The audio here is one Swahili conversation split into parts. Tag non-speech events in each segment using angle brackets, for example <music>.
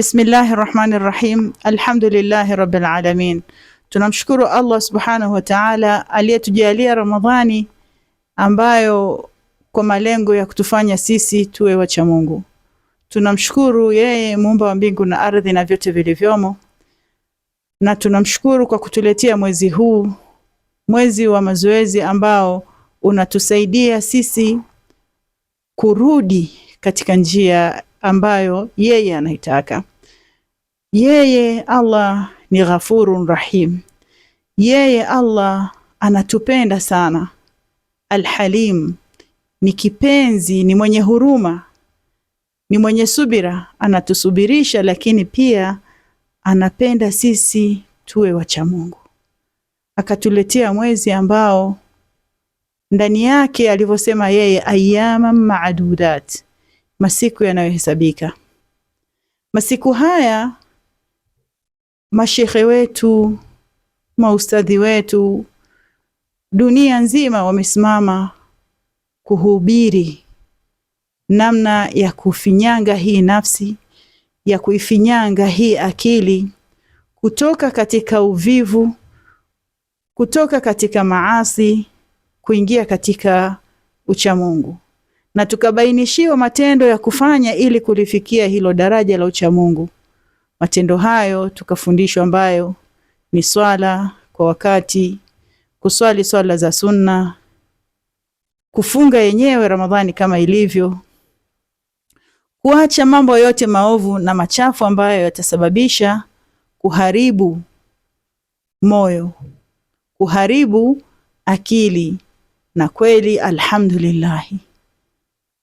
Bismillahi rahmani rahim, alhamdulillahi rabbil alamin. Tunamshukuru Allah subhanahu wa ta'ala aliyetujalia Ramadhani ambayo kwa malengo ya kutufanya sisi tuwe wacha Mungu. Tunamshukuru yeye muumba wa mbingu na ardhi na vyote vilivyomo, na tunamshukuru kwa kutuletea mwezi huu, mwezi wa mazoezi ambao unatusaidia sisi kurudi katika njia ambayo yeye anaitaka. Yeye Allah ni Ghafurun Rahim, yeye Allah anatupenda sana. Alhalim ni kipenzi, ni mwenye huruma, ni mwenye subira, anatusubirisha, lakini pia anapenda sisi tuwe wacha Mungu. Akatuletea mwezi ambao ndani yake alivyosema yeye, ayama maadudat, masiku yanayohesabika. Masiku haya mashehe wetu, maustadhi wetu, dunia nzima wamesimama kuhubiri namna ya kufinyanga hii nafsi, ya kuifinyanga hii akili kutoka katika uvivu, kutoka katika maasi, kuingia katika uchamungu na tukabainishiwa matendo ya kufanya ili kulifikia hilo daraja la uchamungu matendo hayo tukafundishwa, ambayo ni swala kwa wakati, kuswali swala za sunna, kufunga yenyewe Ramadhani kama ilivyo, kuacha mambo yote maovu na machafu ambayo yatasababisha kuharibu moyo, kuharibu akili. Na kweli alhamdulillahi,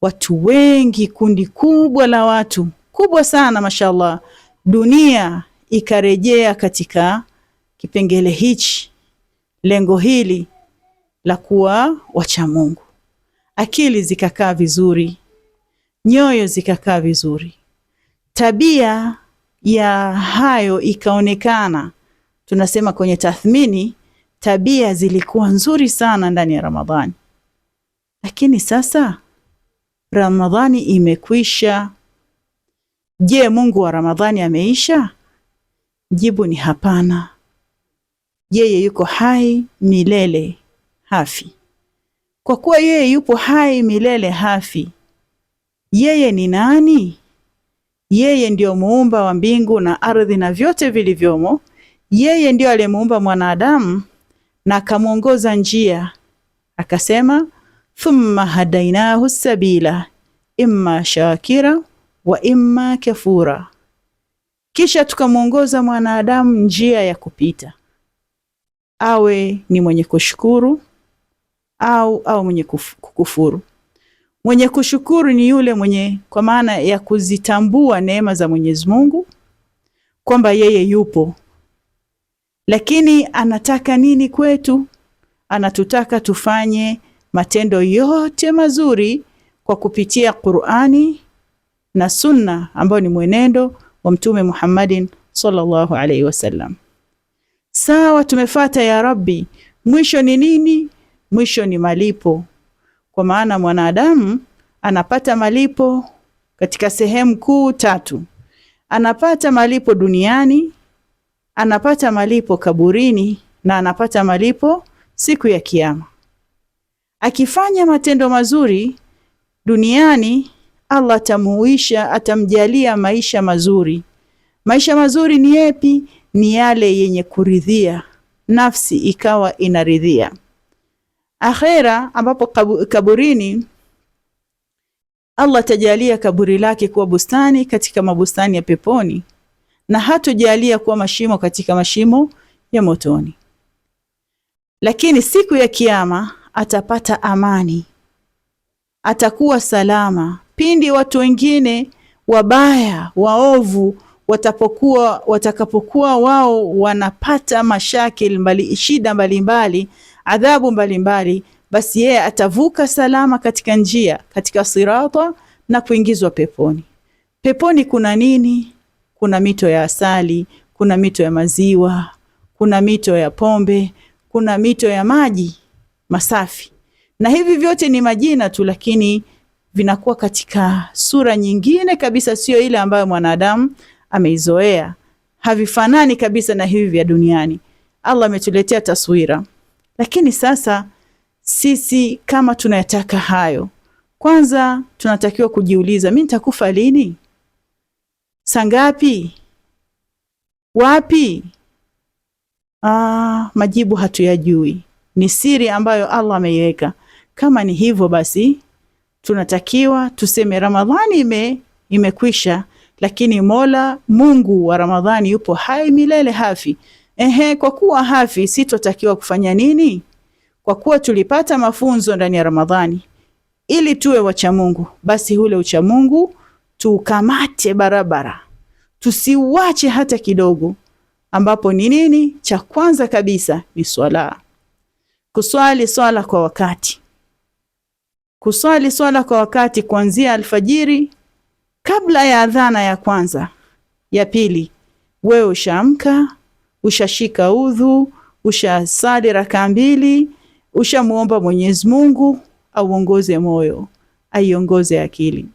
watu wengi, kundi kubwa la watu kubwa sana, mashallah dunia ikarejea katika kipengele hichi, lengo hili la kuwa wacha Mungu, akili zikakaa vizuri, nyoyo zikakaa vizuri, tabia ya hayo ikaonekana. Tunasema kwenye tathmini, tabia zilikuwa nzuri sana ndani ya Ramadhani, lakini sasa Ramadhani imekwisha. Je, Mungu wa Ramadhani ameisha? Jibu ni hapana. Yeye yuko hai milele, hafi. Kwa kuwa yeye yupo hai milele, hafi, yeye ni nani? Yeye ndiyo muumba wa mbingu na ardhi na vyote vilivyomo. Yeye ndiyo aliyemuumba mwanadamu na akamwongoza njia, akasema, thumma hadainahu sabila imma shakira wa imma kafura, kisha tukamwongoza mwanadamu njia ya kupita, awe ni mwenye kushukuru au au mwenye kukufuru. Mwenye kushukuru ni yule mwenye, kwa maana ya kuzitambua neema za Mwenyezi Mungu kwamba yeye yupo, lakini anataka nini kwetu? Anatutaka tufanye matendo yote mazuri kwa kupitia Qur'ani na sunna ambayo ni mwenendo wa Mtume Muhammadin sallallahu alaihi wasallam. Sawa, tumefata ya Rabbi. Mwisho ni nini? Mwisho ni malipo, kwa maana mwanadamu anapata malipo katika sehemu kuu tatu: anapata malipo duniani, anapata malipo kaburini, na anapata malipo siku ya Kiyama. Akifanya matendo mazuri duniani Allah atamuisha, atamjalia maisha mazuri. Maisha mazuri ni yepi? Ni yale yenye kuridhia, nafsi ikawa inaridhia. Akhera ambapo kaburini, Allah atajalia kaburi lake kuwa bustani katika mabustani ya peponi, na hatojalia kuwa mashimo katika mashimo ya motoni. Lakini siku ya Kiyama atapata amani, atakuwa salama pindi watu wengine wabaya waovu watapokuwa watakapokuwa wao wanapata mashakil mbali, shida mbalimbali adhabu mbalimbali, basi yeye atavuka salama katika njia katika sirata na kuingizwa peponi. Peponi kuna nini? Kuna mito ya asali, kuna mito ya maziwa, kuna mito ya pombe, kuna mito ya maji masafi, na hivi vyote ni majina tu, lakini vinakuwa katika sura nyingine kabisa, sio ile ambayo mwanadamu ameizoea. Havifanani kabisa na hivi vya duniani. Allah ametuletea taswira, lakini sasa sisi kama tunayataka hayo, kwanza tunatakiwa kujiuliza, mimi nitakufa lini? Saa ngapi? Wapi? Ah, majibu hatuyajui, ni siri ambayo Allah ameiweka. Kama ni hivyo basi tunatakiwa tuseme Ramadhani ime, imekwisha, lakini Mola Mungu wa Ramadhani yupo hai milele, hafi. Ehe, kwa kuwa hafi, sitotakiwa kufanya nini? Kwa kuwa tulipata mafunzo ndani ya Ramadhani ili tuwe wachamungu, basi ule ucha mungu tuukamate barabara, tusiuache hata kidogo, ambapo ni nini? Cha kwanza kabisa ni swala, kuswali swala kwa wakati kuswali swala kwa wakati kuanzia alfajiri kabla ya adhana ya kwanza ya pili, wewe ushaamka, ushashika udhu, ushasali rakaa mbili, ushamuomba Mwenyezi Mungu auongoze moyo, aiongoze akili.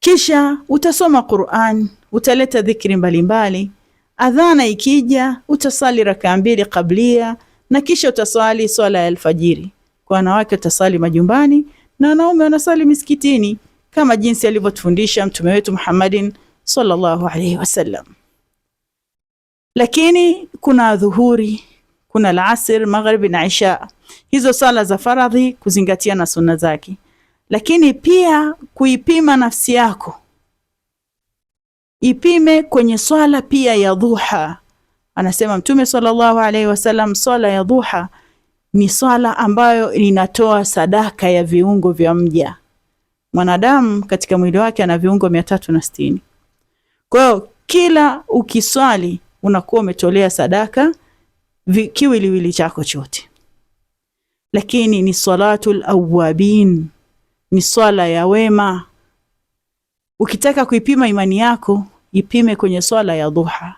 Kisha utasoma Qur'an, utaleta dhikri mbalimbali. Adhana ikija utasali rakaa mbili kablia, na kisha utaswali swala ya alfajiri kwa wanawake watasali majumbani na wanaume wanasali misikitini kama jinsi alivyotufundisha mtume wetu Muhammadin sallallahu alaihi wasallam. Lakini kuna dhuhuri, kuna alasir, magharibi na isha, hizo sala za faradhi kuzingatia na sunna zake, lakini pia kuipima nafsi yako, ipime kwenye swala pia ya duha. Anasema mtume sallallahu alaihi wasallam, swala ya duha ni swala ambayo inatoa sadaka ya viungo vya mja. Mwanadamu katika mwili wake ana viungo mia tatu na sitini. Kwa hiyo kila ukiswali unakuwa umetolea sadaka kiwiliwili chako chote, lakini ni swalatul awabin, ni swala ya wema. Ukitaka kuipima imani yako ipime kwenye swala ya duha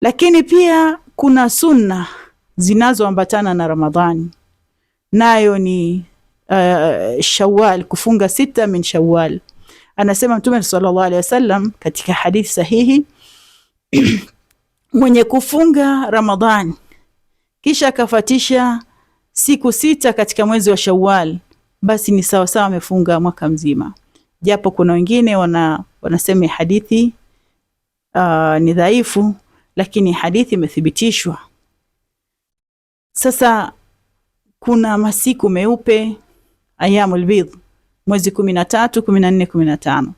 lakini pia kuna sunna zinazoambatana na Ramadhani, nayo ni uh, Shawwal, kufunga sita min Shawwal. Anasema Mtume sallallahu alaihi wasallam katika hadithi sahihi <clears throat> mwenye kufunga Ramadhani kisha akafatisha siku sita katika mwezi wa Shawwal, basi ni sawasawa amefunga mwaka mzima, japo kuna wengine wana wanasema hadithi uh, ni dhaifu, lakini hadithi imethibitishwa sasa kuna masiku meupe ayamul bidh, mwezi kumi na tatu, kumi na nne, kumi na tano.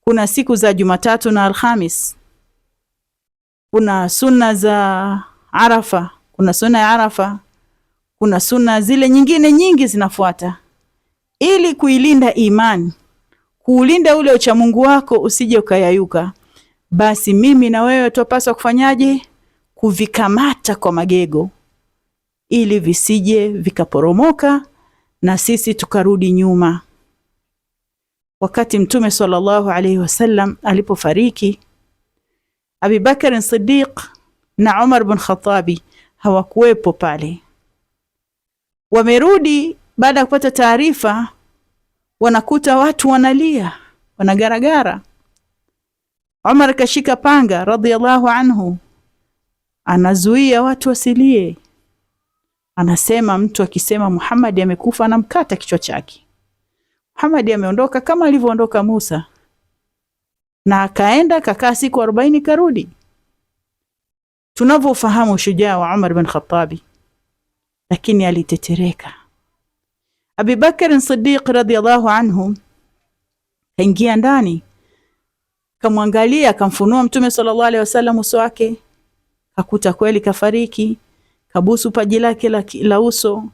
Kuna siku za Jumatatu na Alhamis. Kuna sunna za Arafa, kuna sunna ya Arafa, kuna sunna zile nyingine nyingi zinafuata, ili kuilinda imani, kuulinda ule uchamungu wako usije ukayayuka. Basi mimi na wewe twapaswa kufanyaje? Kuvikamata kwa magego ili visije vikaporomoka na sisi tukarudi nyuma. Wakati Mtume sallallahu alaihi wasallam alipofariki, Abubakar Siddiq na Umar bin Khatabi hawakuwepo pale. Wamerudi baada ya kupata taarifa, wanakuta watu wanalia, wanagaragara. Umar kashika panga radhiallahu anhu, anazuia watu wasilie Anasema mtu akisema Muhammad amekufa anamkata kichwa chake. Muhammad ameondoka kama alivyoondoka Musa, na akaenda kakaa siku arobaini karudi. Tunavyofahamu shujaa wa Umar bin Khattab, lakini alitetereka. Bakar Siddiq radhiallahu anhu kaingia ndani, kamwangalia, akamfunua Mtume sallallahu alaihi wasallam uso wake, kakuta kweli kafariki. Kabusu paji lake la, la uso,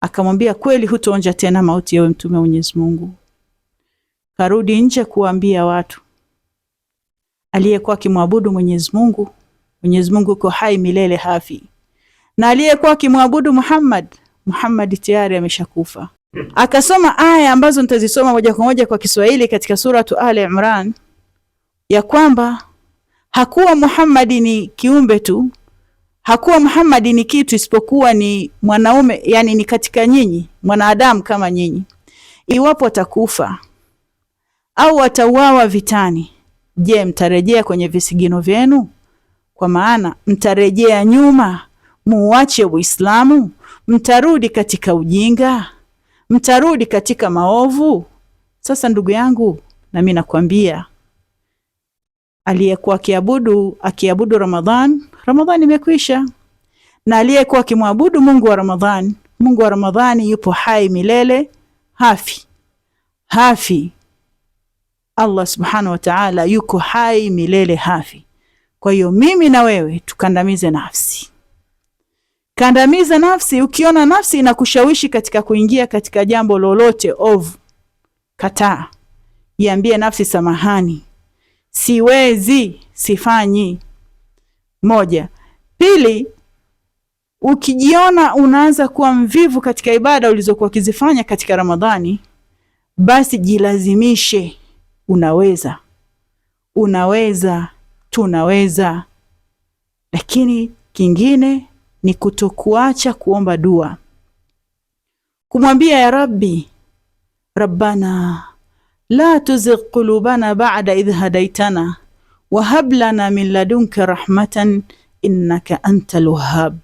akamwambia kweli, hutoonja tena mauti, yewe mtume wa Mwenyezi Mungu. Karudi nje kuwaambia watu aliyekuwa akimwabudu Mwenyezi Mungu, Mwenyezi Mungu uko hai milele hafi, na aliyekuwa akimwabudu Muhammad, Muhammad tayari ameshakufa. Akasoma aya ambazo nitazisoma moja kwa moja kwa Kiswahili katika suratu Ali Imran ya kwamba hakuwa Muhammad ni kiumbe tu hakuwa Muhammad ni kitu isipokuwa ni mwanaume, yani ni katika nyinyi mwanadamu kama nyinyi. Iwapo atakufa au atauawa vitani, je, mtarejea kwenye visigino vyenu? Kwa maana mtarejea nyuma muuache Uislamu? Mtarudi katika ujinga? Mtarudi katika maovu? Sasa ndugu yangu, nami nakwambia aliyekuwa akiabudu akiabudu Ramadhan, Ramadhan imekwisha, na aliyekuwa akimwabudu Mungu wa Ramadhan, Mungu wa Ramadhani yupo hai milele, hafi hafi. Allah subhanahu wa ta'ala yuko hai milele, hafi. Kwa hiyo mimi na wewe tukandamize nafsi, kandamiza nafsi. Ukiona nafsi inakushawishi katika kuingia katika jambo lolote ovu, kataa, iambie nafsi samahani siwezi, sifanyi. Moja. Pili, ukijiona unaanza kuwa mvivu katika ibada ulizokuwa ukizifanya katika Ramadhani, basi jilazimishe. Unaweza, unaweza, tunaweza. Lakini kingine ni kutokuacha kuomba dua, kumwambia ya Rabbi, Rabbana la tuzigh qulubana ba'da idh hadaytana wa hab lana min ladunka rahmatan innaka antal wahhab.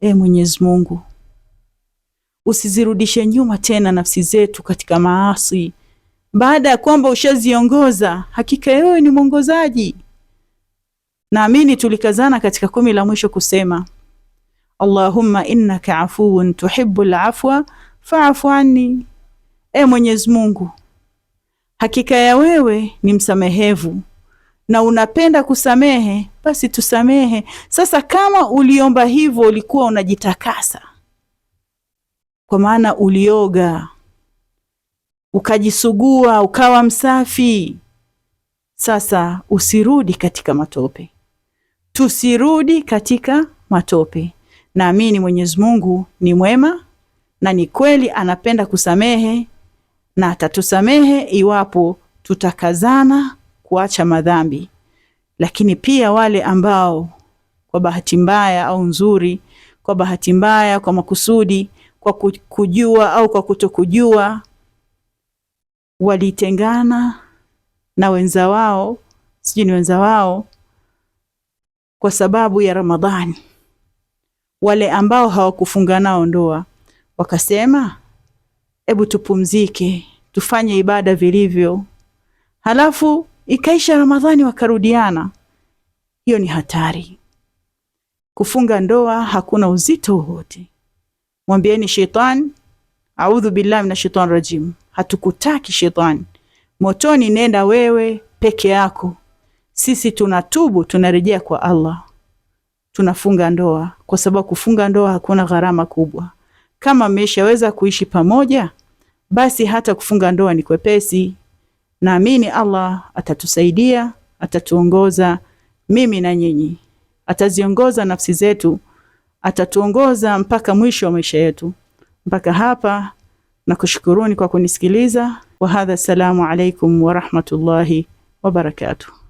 E Mwenyezi Mungu, usizirudishe nyuma tena nafsi zetu katika maasi baada ya kwamba ushaziongoza. Hakika wewe ni mwongozaji. Naamini tulikazana katika kumi la mwisho kusema Allahumma innaka afuwun tuhibbul afwa fa'fu anni. E Mwenyezi Mungu Hakika ya wewe ni msamehevu na unapenda kusamehe, basi tusamehe. Sasa kama uliomba hivyo, ulikuwa unajitakasa, kwa maana ulioga ukajisugua, ukawa msafi. Sasa usirudi katika matope, tusirudi katika matope. Naamini Mwenyezi Mungu ni mwema na ni kweli anapenda kusamehe na atatusamehe iwapo tutakazana kuacha madhambi. Lakini pia wale ambao kwa bahati mbaya au nzuri, kwa bahati mbaya, kwa makusudi, kwa kujua au kwa kutokujua, walitengana na wenza wao, sijui ni wenza wao, kwa sababu ya Ramadhani, wale ambao hawakufunga nao ndoa wakasema hebu tupumzike, tufanye ibada vilivyo, halafu ikaisha Ramadhani wakarudiana. Hiyo ni hatari. Kufunga ndoa hakuna uzito wowote. Mwambieni shetani, audhu billahi mina shetani rajim, hatukutaki shetani, motoni nenda wewe peke yako. Sisi tunatubu, tunarejea kwa Allah. Tunafunga ndoa kwa sababu kufunga ndoa hakuna gharama kubwa. Kama mmeshaweza kuishi pamoja, basi hata kufunga ndoa ni kwepesi. Naamini Allah atatusaidia, atatuongoza mimi na nyinyi, ataziongoza nafsi zetu, atatuongoza mpaka mwisho wa maisha yetu. Mpaka hapa nakushukuruni kwa kunisikiliza. Wa hadha, assalamu alaikum warahmatullahi wabarakatuh.